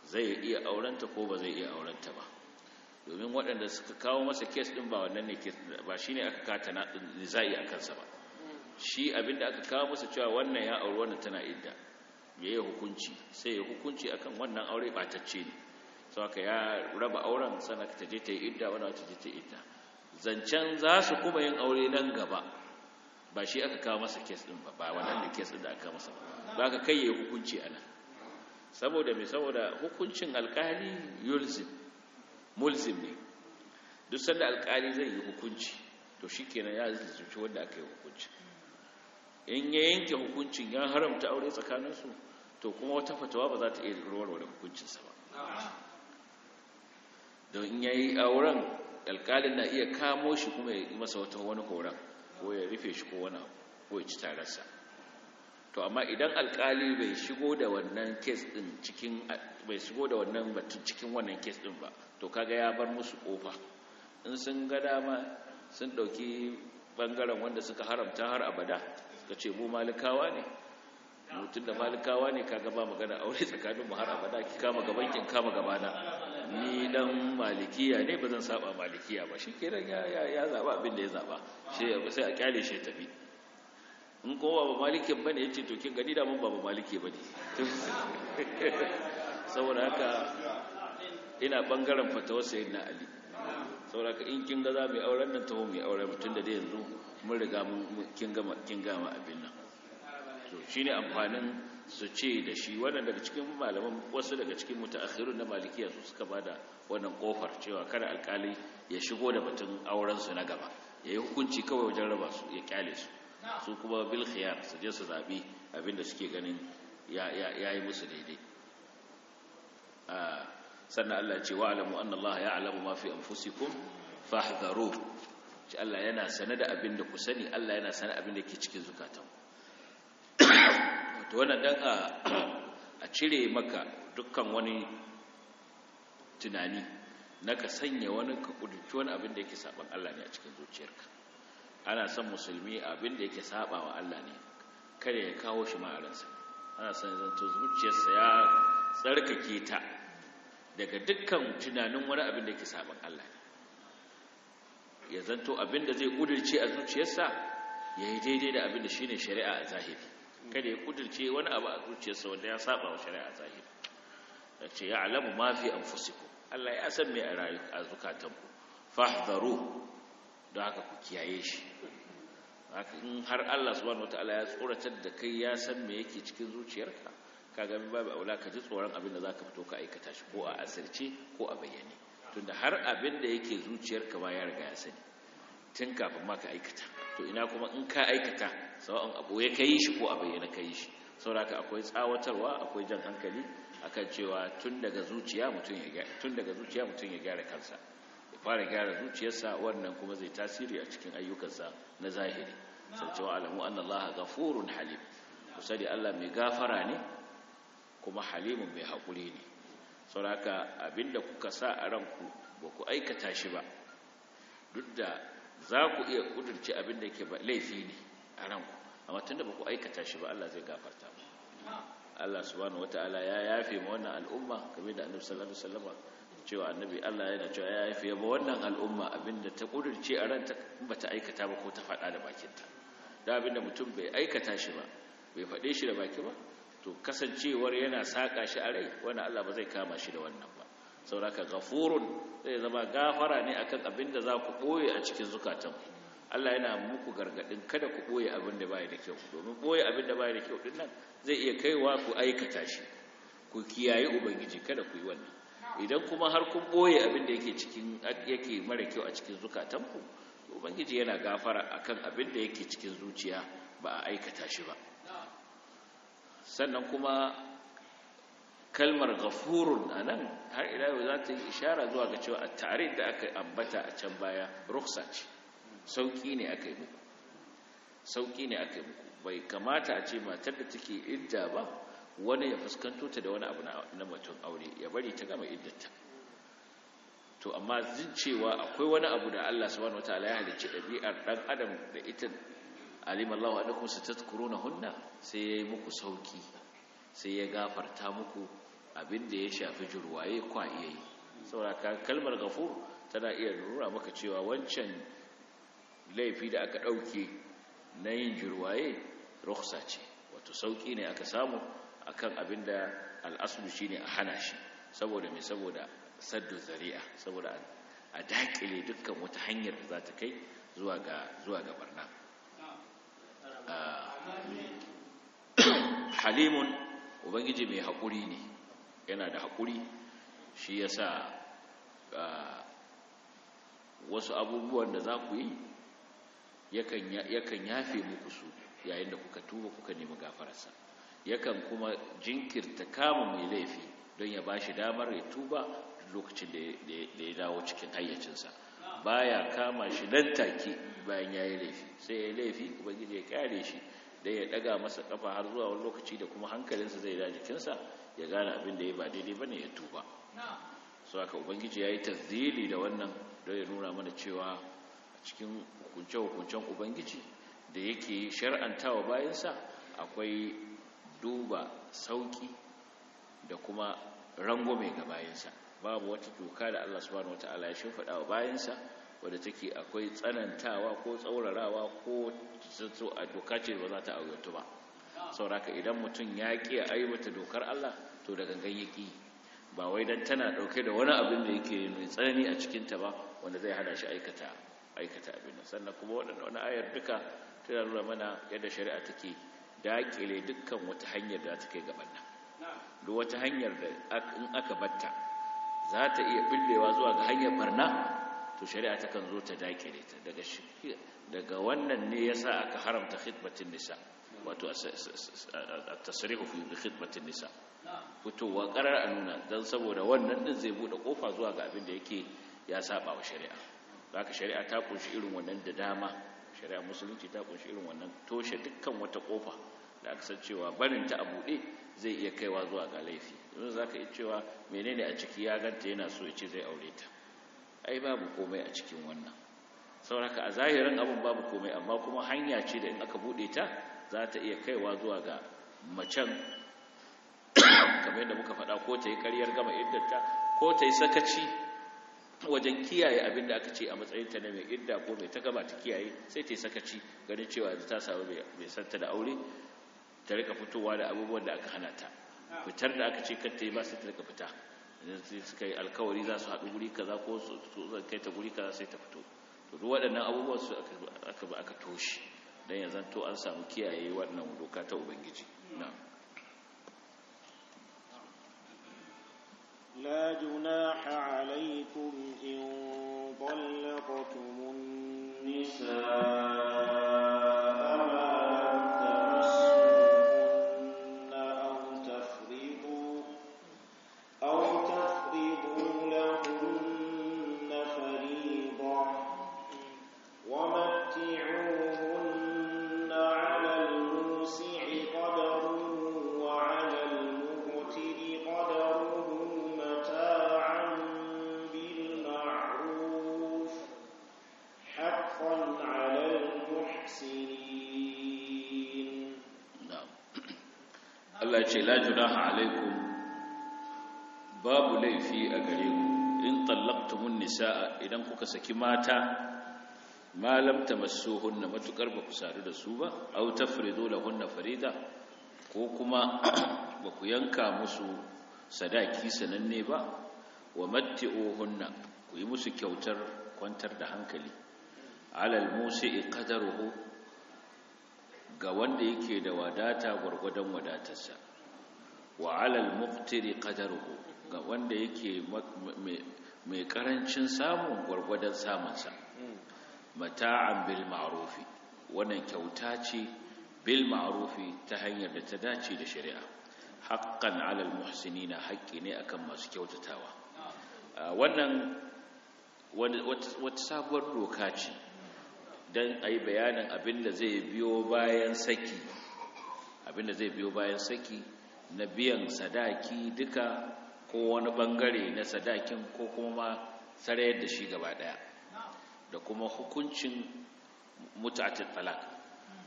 zai iya aurenta ko ba zai iya aurenta ba domin waɗanda suka kawo masa kes ɗin ba wannan ne ba shi ne aka kata na niza'i a kansa ba shi abinda aka kawo masa cewa wannan ya auri wannan tana idda ya yi hukunci sai ya hukunci akan wannan aure ɓatacce ne sau raba auren sanaka ta je ta yi idda wani wata je ta yi idda zancen za su kuma yin aure nan gaba ba shi aka kawo masa kes ɗin ba ba da kes ɗin da aka kawo masa ba ka kai ya hukunci a nan saboda me saboda hukuncin alkali yulzim mulzim ne duk sanda alkali zai yi hukunci to shi ya zuci wanda aka yi hukunci in ya yanke hukuncin ya haramta aure tsakanin su to kuma wata fatawa ba za ta iya warware hukuncinsa ba don in ya auren alƙalin na iya kamo shi kuma ya yi masa wata wani horon ko ya rufe shi ko wani ko ya ci tararsa to amma idan alƙali bai shigo da wannan kes din cikin bai shigo da wannan batun cikin wannan kes din ba to kaga ya bar musu ƙofa in sun ga dama sun ɗauki ɓangaren wanda suka haramta har abada suka ce mu malikawa ne mutum da malikawa ne kaga ba magana aure tsakanin mu har abada ki kama gaban kama gabana ni dan malikiya ne ba zan saba malikiya ba shi ke ya ya zaba abin da ya zaba shi sai a kyale shi tafi in kowa ba malikin bane yace to kin gani da mun ba maliki bane saboda haka ina bangaren fatawar sayyidina ali saboda haka in kin ga za mu yi auren nan taho mu yi auren mutum da dai yanzu mun riga mun kin gama kin abin nan to shine amfanin su ce da shi wannan daga cikin malaman wasu daga cikin mutaakhirun na malikiya su suka bada wannan kofar cewa kada alkali ya shigo da batun auren su na gaba yayi hukunci kawai wajen raba su ya kyale su su kuma bil khiyar su je su zabi abinda suke ganin ya ya yi musu daidai a sannan Allah ya ce wa alamu anna Allah ya'lamu ma fi anfusikum fahdharu Allah yana sanar da abinda ku sani Allah yana sanar abinda ke cikin zukatanku to wannan dan a cire maka dukkan wani tunani na ka sanya wani ka kudurci wani abin da yake saban Allah ne a cikin zuciyarka ana son musulmi abin da yake saba wa Allah ne kada ya kawo shi ma'aransa ana son zanto zuciyarsa ya tsarkake ta daga dukkan tunanin wani abin da yake saban Allah ne ya zanto abin da zai kudurci a zuciyarsa ya yi daidai da abin da shi ne shari'a a zahiri kada ya kudirce wani abu a zuciyarsa wanda ya saba wa shari'a zahiri da ce ya alamu ma fi fusiku Allah ya san mai a rayu a zukatanku fahdharu don haka ku kiyaye shi haka in har Allah wani wataala ya tsoratar da kai ya san mai yake cikin zuciyarka ka gami babu aula ka ji tsoron abin da za ka fito ka aikata shi ko a asirce ko a bayyane tunda har abin da yake zuciyarka ba ya riga ya sani tun kafin ma ka aikata to ina kuma in ka aikata sawa'un abu ya kai shi ko a bayyana kai shi sauraka akwai tsawatarwa akwai jan hankali akan cewa tun daga zuciya mutum ya gyara kansa ya fara gyara zuciyarsa wannan kuma zai tasiri a cikin ayyukansa na zahiri sau cewa alamu ga furun halim kusadi Allah mai gafara ne kuma halimun mai haƙuri ne sauraka abinda kuka sa a ranku ba ku aikata shi ba duk da za ku iya ƙudurci abin da ke laifi ne a ranku amma tun da ba ku aikata shi ba Allah zai gafarta mu Allah subhanahu wataala ya yafe ma wannan al'umma kamar da Annabi sallallahu alaihi wasallam cewa Annabi Allah yana cewa ya yafe ma wannan al'umma abinda ta kudurce a ranta ta aikata ba ko ta faɗa da bakinta da abinda mutum bai aikata shi ba bai faɗe shi da baki ba to kasancewar yana saka shi a rai wannan Allah ba zai kama shi da wannan ba sauraka gafurun zai zama gafara ne akan abin da za ku ɓoye a cikin zukatan Allah yana muku gargaɗin kada ku ɓoye abin da bai da kyau domin ɓoye abin da bai da kyau ɗin nan zai iya kaiwa ku aikata shi ku kiyaye ubangiji kada ku yi wannan idan kuma har kun ɓoye abin da yake cikin yake mara kyau a cikin zukatan ku, ubangiji yana gafara akan abin da yake cikin zuciya ba a aikata shi ba sannan kuma kalmar ghafurun a nan har yau za ta yi ishara zuwa ga cewa a tare da aka ambata a can baya ruksa ce sauƙi ne aka yi muku sauƙi ne aka yi muku bai kamata a ce matar da take idda ba wani ya fuskanto ta da wani abu na mutum aure ya bari ta gama iddata to amma zin cewa akwai wani abu da Allah subhanahu wataala ya halicci ɗabi'ar dan adam da ita alimallahu annakum satadhkuruna hunna sai yayi muku sauki sai ya gafarta muku abin da ya shafi jirwaye kwa iya yi sauraka kalmar gafur tana iya nuna maka cewa wancan laifi da aka ɗauke na yin jirwaye rukhsa ce wato sauƙi ne aka samu akan abin da al'asulu shi ne a hana shi saboda mai saboda saddu zari'a saboda a daƙile dukkan wata hanyar da za ta kai zuwa ga barna ah. halimun ubangiji mai haƙuri ne yana da hakuri shi ya sa wasu abubuwan da za ku yi yakan yafe muku su yayin da kuka tuba kuka nemi gafararsa yakan kuma jinkirta kama mai laifi don ya ba shi damar ya tuba lokacin da ya dawo cikin hayyacinsa ba ya kama shi nan take bayan ya yi laifi sai ya yi laifi ubangiji ya kare shi da ya daga masa kafa har zuwa wani lokaci da kuma hankalinsa zai da jikinsa ya gane abin da ya ba daidai bane ya tuba Su haka ubangiji ya yi tazili da wannan don ya nuna mana cewa a cikin hukunce-hukuncen ubangiji da yake shar'antawa bayansa akwai duba sauki da kuma rangwame ga bayansa babu wata doka da Allah subhanahu wata'ala ya shimfiɗa wa bayansa wadda take akwai tsanantawa ko tsaurarawa ko a doka ce ba za ta auyatu ba sauraka idan mutum ya ƙi a aiwata dokar Allah to daga gangan ya ƙi ba wai don tana ɗauke da wani abin da yake mai tsanani a cikinta ba wanda zai hana shi aikata abin nan sannan kuma waɗanda wani ayar duka tana nuna mana yadda shari'a take daƙile dukkan wata hanyar da ta kai gaban nan duk wata hanyar da in aka batta za ta iya billewa zuwa ga hanyar barna to shari'a takan zo ta daƙile ta daga wannan ne yasa aka haramta khidmatin nisa' wato a tasirihu fi khidmatin nisa fitowa karar a nuna don saboda wannan din zai bude kofa zuwa ga abin da yake ya saba wa shari'a ka shari'a ta kunshi irin wannan da dama shari'a musulunci ta kunshi irin wannan toshe dukkan wata kofa da aka san cewa barin ta a buɗe zai iya kaiwa zuwa ga laifi yanzu zaka iya cewa menene a ciki ya ganta yana so ya ce zai aure ta ai babu komai a cikin wannan sauraka a zahirin abin babu komai amma kuma hanya ce da in aka buɗe ta za ta iya kaiwa zuwa ga macen kamar yadda muka faɗa ko ta yi ƙaryar gama ta, ko ta yi sakaci wajen kiyaye abin da aka ce a matsayin ta na mai idda ko mai ta ta kiyaye sai ta yi sakaci ganin cewa ta samu mai santa da aure ta rika fitowa da abubuwan da aka hana ta fitar da aka ce kan ta yi masu sai ta rika fita suka yi alkawari za su haɗu guri kaza ko su kai ta guri kaza sai ta fito to duk waɗannan abubuwan su aka aka toshe don ya an samu kiyaye wannan doka ta ubangiji na la junaha alaikum in ɗallakotun nisa junaha alaikum babu laifi a gare ku in tallaqtumun nisaa idan kuka saki mata malam tamassuhunna matukar ba ku sadu da su ba aw tafridu lahunna farida ko kuma ba ku yanka musu sadaki sananne ba wa matti'uhunna ku yi musu kyautar kwantar da hankali alal musi'i qadaruhu ga wanda yake da wadata gwargwadon wadatarsa wa alal muqtiri qadaruhu ga wanda yake mai karancin samun gwargwadon sa, mata'an bil ma'rufi wannan kyauta ce bil ma'rufi ta hanyar da ta dace da shari'a haqqan alal muhsinina haqqi ne akan masu kyautatawa wannan wata sabuwar doka ce dan a yi bayanin abinda zai biyo bayan saki abinda zai biyo bayan saki na biyan sadaki duka ko wani bangare na sadakin ko kuma sarayar da shi gaba daya da kuma hukuncin mutatin falak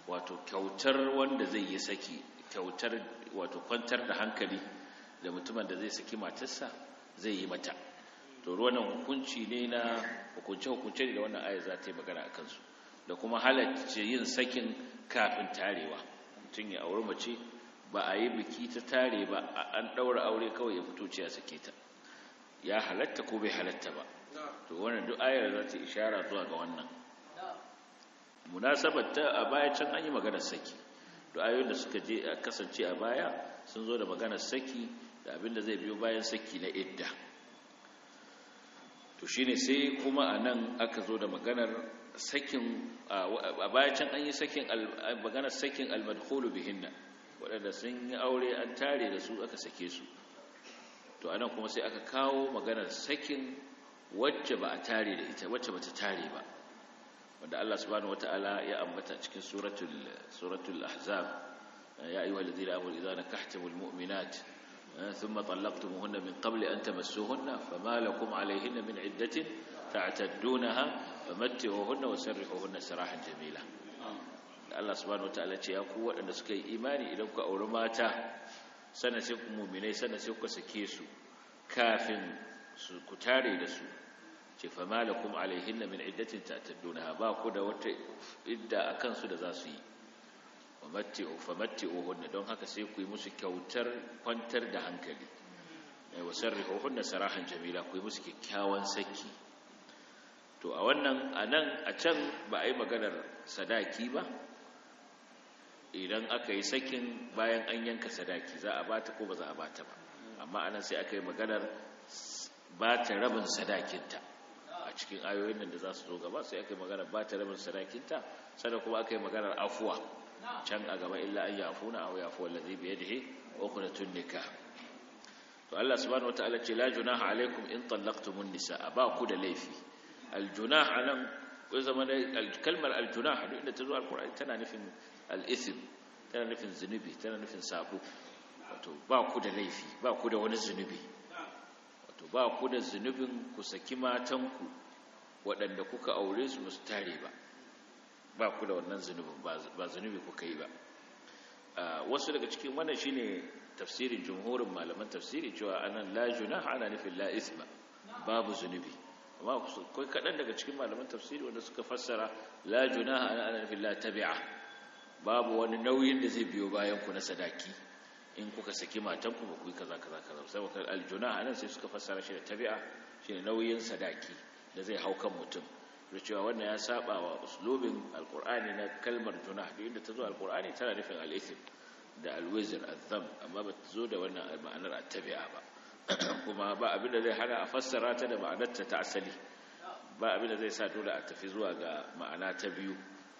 wato kyautar wanda zai yi saki kyautar wato kwantar da hankali da mutumin da zai saki matarsa zai yi mata to ruwanan hukunci ne na hukunce-hukunce da wannan ayar za ta yi magana a kansu da kuma halarci yin sakin kafin tarewa mutum ya auri mace ba a yi biki ta tare ba an ɗaura aure kawai ya fito ce a sake ta ya halatta ko bai halatta ba to wannan duk ayar za ta ishara zuwa ga wannan munasabar ta a baya can an yi magana saki to ayoyin da suka je a kasance a baya sun zo da magana saki da abin da zai biyo bayan saki na idda to shine sai kuma a nan aka zo da maganar sakin a baya can an yi sakin maganar sakin almadhulu bihinna waɗanda sun yi aure an tare da su aka sake su to anan kuma sai aka kawo maganar sakin wacce ba a tare da ita wacce ba ta tare ba wanda Allah subhanahu wataala ya ambata cikin suratul suratul ahzab ya ayyuhal ladina amanu idza nakahtumul mu'minat thumma talaqtumuhunna min qabli an tamassuhunna fama lakum alayhinna min iddatin ta'taddunaha famattihuhunna wasarrihuhunna sarahan jamila Allah subhanahu wataala ce ya ku waɗanda suka yi imani idan ku auri mata sannan sai ku muminai sannan sai kuka sake su kafin su ku tare da su ce fa malakum alaihinna min iddatin ta'tadduna ba ku da wata idda akan su da za su yi famatti'u famatti'uhunna don haka sai ku yi musu kyautar kwantar da hankali mai wasarrihuhunna sarahan jamila ku yi musu kyakkyawan saki to a wannan anan a can ba a yi maganar sadaki ba idan aka yi sakin bayan an yanka sadaki za a ta ko ba za a bata ba amma anan sai aka yi maganar bata rabin sadakinta a cikin ayoyin nan da za su zo gaba sai aka yi maganar bata rabin sadakinta sannan kuma aka yi maganar afuwa can a gaba illa an yafuna aw yafu allazi bi da uqdatun nikah to Allah subhanahu wataala ce la junaha alaikum in tallaqtumun nisaa ba ku da laifi al junah anan ko zama da kalmar al junah duk inda ta zo al qur'ani tana nufin al'ithim tana nufin zunubi tana nufin sabo wato ba ku da laifi ba ku da wani zunubi wato ba ku da zunubin ku saki matanku waɗanda kuka aure su musu tare ba ba ku da wannan zunubin ba zunubi kuka yi ba wasu daga cikin wannan ne tafsirin jumhurin malaman tafsiri cewa anan la junaha ana nufin la babu zunubi amma kai kaɗan daga cikin malaman tafsiri wanda suka fassara la junaha ana nufin la tabi'a babu wani nauyin da zai biyo bayanku na sadaki in kuka saki matanku ba ku yi kaza kaza kaza sai wakar aljuna anan sai suka fassara shi da tabi'a shine nauyin sadaki da zai hau kan mutum da cewa wannan ya saba wa uslubin alqur'ani na kalmar juna duk inda ta zo alqur'ani tana nufin al da al azam amma ba ta zo da wannan ma'anar a tabia ba kuma ba abin da zai hana a fassara ta da ma'anarta ta asali ba abin da zai sa dole a tafi zuwa ga ma'ana ta biyu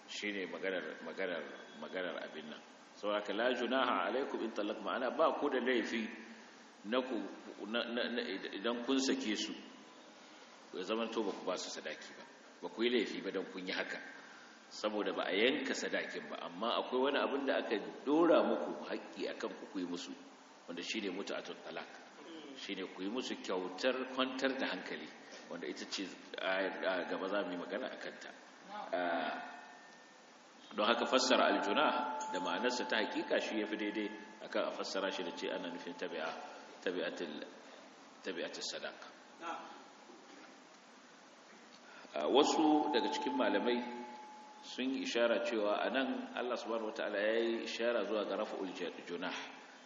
shi ne maganar abin nan sau laju na junaha alaikum in talak ma'ana ba ku da laifi idan kun sake su ya zama to ba ku ba su sadaki ba ba ku yi laifi ba don kun yi haka saboda ba a yanka sadakin ba amma akwai wani abin da aka dora muku haƙƙi akan ku ku musu wanda shi ne mutu a talak shi ne ku musu kyautar kwantar da hankali wanda ita ce gaba za mu yi magana a kanta ah, don haka fassara aljuna da ma'anarsa ta hakika shi ya fi daidai akan a fassara shi da ce ana nufin tabi'atul sadak wasu daga cikin malamai sun yi ishara cewa a nan allah subhanahu wata'ala ya yi ishara zuwa ga rafa aljuna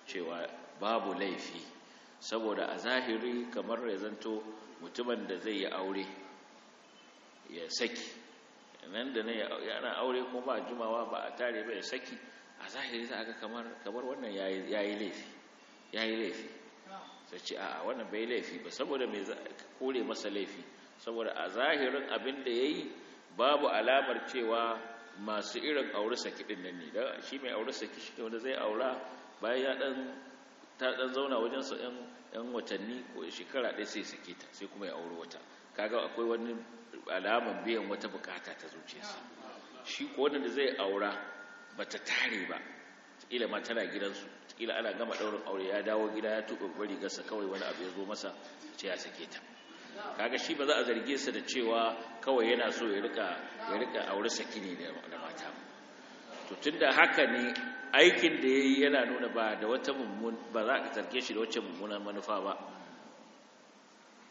cewa babu laifi saboda a zahiri kamar ya zanto mutumin da zai yi aure ya saki nan da ne yana aure ko ba jimawa ba a tare ba ya saki a zahiri za a ga kamar kamar wannan yayi laifi yayi laifi sai ce a'a wannan bai laifi ba saboda me kore masa laifi saboda a zahirin abin da yayi babu alamar cewa masu irin aure saki din nan ne da shi mai aure saki shi wanda zai aura bayan ya dan ta dan zauna wajen sa yan watanni ko shekara ɗaya sai sake ta sai kuma ya aure wata kaga akwai wani alaman biyan wata bukata ta zuciyarsa shi ko wanda zai aura bata tare ba ila ma tana gidansu ila ana gama daurin aure ya dawo gida ya tuba bari gasa kawai wani abu ya zo masa ce ya sake ta kaga shi ba za a zarge sa da cewa kawai yana so ya rika ya rika aure sakini da mata to tunda haka ne aikin da yayi yana nuna ba ba za a zarge shi da wacce mummunan manufa ba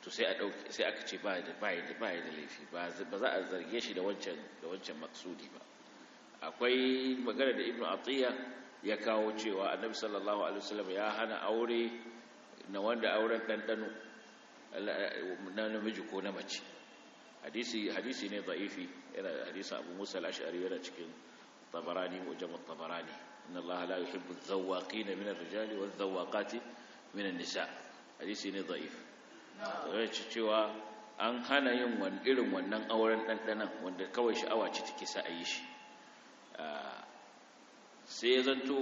to sai a sai aka ce ba da ba da da laifi ba za a zarge shi da wancan wancan maksudi ba akwai magana da ibnu atiya ya kawo cewa annabi sallallahu alaihi wasallam ya hana aure na wanda auren ɗanɗano na namiji ko na mace hadisi ne za'ifi yana hadisi abu musa al yana cikin tabarani mujam tabarani inna allaha la yuhibbu adh min ar-rijali wadh-dhawaqati min an-nisa hadisi ne za'ifi. zai cewa an hana yin irin wannan auren ɗanɗanan wanda kawai sha'awa ce take sa a yi shi ah, sai ya zanto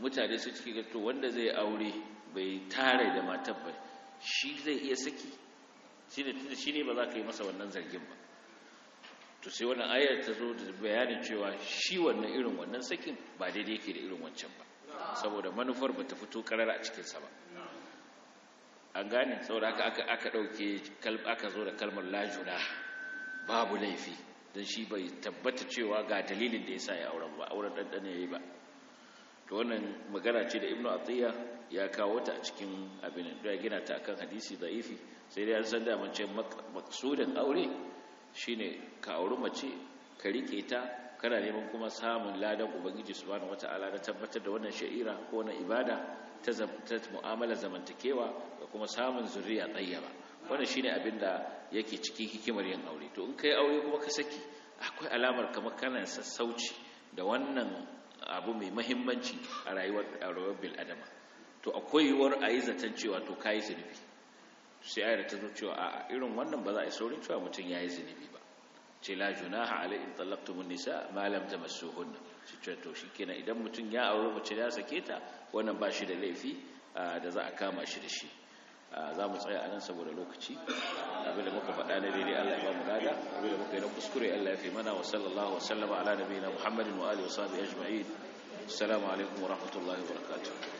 mutane su ciki gato wanda zai aure bai tare da matan ba shi zai iya saki shi ne ba za ka yi masa wannan zargin ba to sai wannan ayar ta zo da bayanin cewa shi wannan irin wannan sakin ba daidai yake da irin wancan ba saboda manufar ba ta fito karara a cikinsa ba an gane saboda aka aka ɗauke aka zo da kalmar lajuna babu laifi don shi bai tabbata cewa ga dalilin da ya sa ya auren ba auren ɗanɗana ya yi ba to wannan magana ce da ibnu atiyya ya kawo ta a cikin abin da ya gina ta akan hadisi da'ifi sai dai an san da mace maksudin aure shine ka auri mace ka rike ta kana neman kuma samun ladan ubangiji subhanahu wataala na tabbatar da wannan sha'ira ko wannan ibada ta mu'amala zamantakewa kuma samun zurri zuriya tsayyaba wannan shine abin da yake cikin hikimar yin aure to in kai aure kuma ka saki akwai alamar kamar kana sassauci da wannan abu mai mahimmanci a rayuwar rayuwar bil adama to akwai yiwuwar a yi zaton cewa to ka yi zunubi sai ayar ta zo cewa a irin wannan ba za a yi saurin cewa mutum ya yi zunubi ba ce la junaha alai in mun nisa ma lam tamassuhunna shi ce to shikenan idan mutum ya aure mace ya sake ta wannan ba shi da laifi da za a kama shi da shi Ah, za mu tsaya a nan saboda lokaci abin da muka faɗa na daidai Allah ya ba mu gada abin da muka yi na kuskure Allah ya fi mana wa sallallahu wa sallama ala nabiyina Muhammadin wa alihi wa sahbihi ajma'in assalamu alaikum wa rahmatullahi wa barakatuh